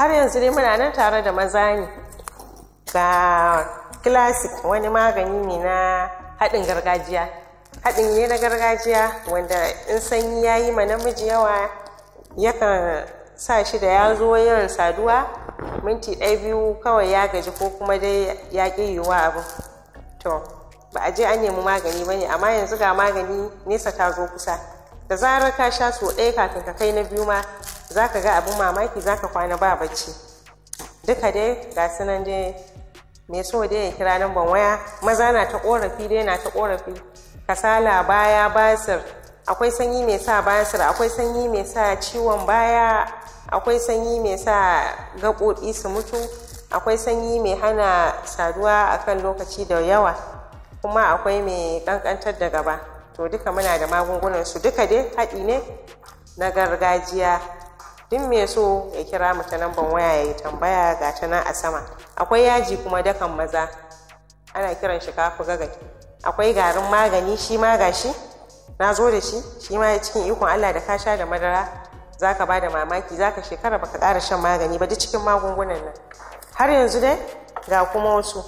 har yanzu ne muna nan tare da maza ne ga classic wani magani ne na haɗin gargajiya haɗin ne na gargajiya wanda in sanyi ya yi ma namiji yawa yakan sa shi da ya zo yawan saduwa minti ɗaya biyu kawai ya gaji ko kuma dai ya ƙi yiwuwa abin to ba a je an nemi magani ba ne amma yanzu ga magani nesa ta zo kusa da zarar ka sha so ɗaya kafin ka kai na biyu ma za ka ga abin mamaki za ka kwana ba bacci duka dai ga sunan dai mai so dai ya kira nan ban waya maza na ta korafi dai na ta korafi kasala baya basir akwai sanyi mai sa basir akwai sanyi mai sa ciwon baya akwai sanyi mai sa gaɓoɓi su mutu akwai sanyi mai hana saduwa akan lokaci da yawa kuma akwai mai ƙanƙantar da gaba to duka muna da magungunan su duka dai haɗi ne na gargajiya duk mai so ya kira mu ta lambar waya ya tambaya ga ta nan a sama akwai yaji kuma dakan maza ana kiran shi kafu gagaki akwai garin magani shi ma gashi na zo da shi shi ma cikin ikon Allah da ka sha da madara ka ba da mamaki zaka shekara baka ƙara shan magani ba duk cikin magungunan nan har yanzu dai ga kuma wasu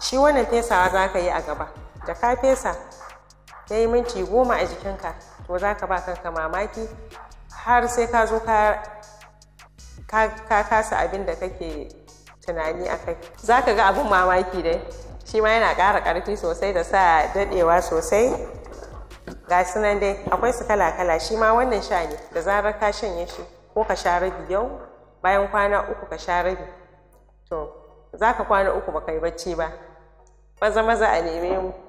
shi wannan fesawa zaka yi a gaba da ka fesa ya yi minti goma a jikinka to zaka ba kanka mamaki har sai ka zo ka kasa abin da kake tunani a kai za ka ga abin mamaki dai shi ma yana ƙara ƙarfi sosai da sa daɗewa sosai ga sunan dai akwai su kala-kala shi ma wannan sha ne da zarar ka shanye shi ko ka sha rabi yau bayan kwana uku ka sha rabi to za ka kwana uku ba kai bacci ba maza maza a neme mu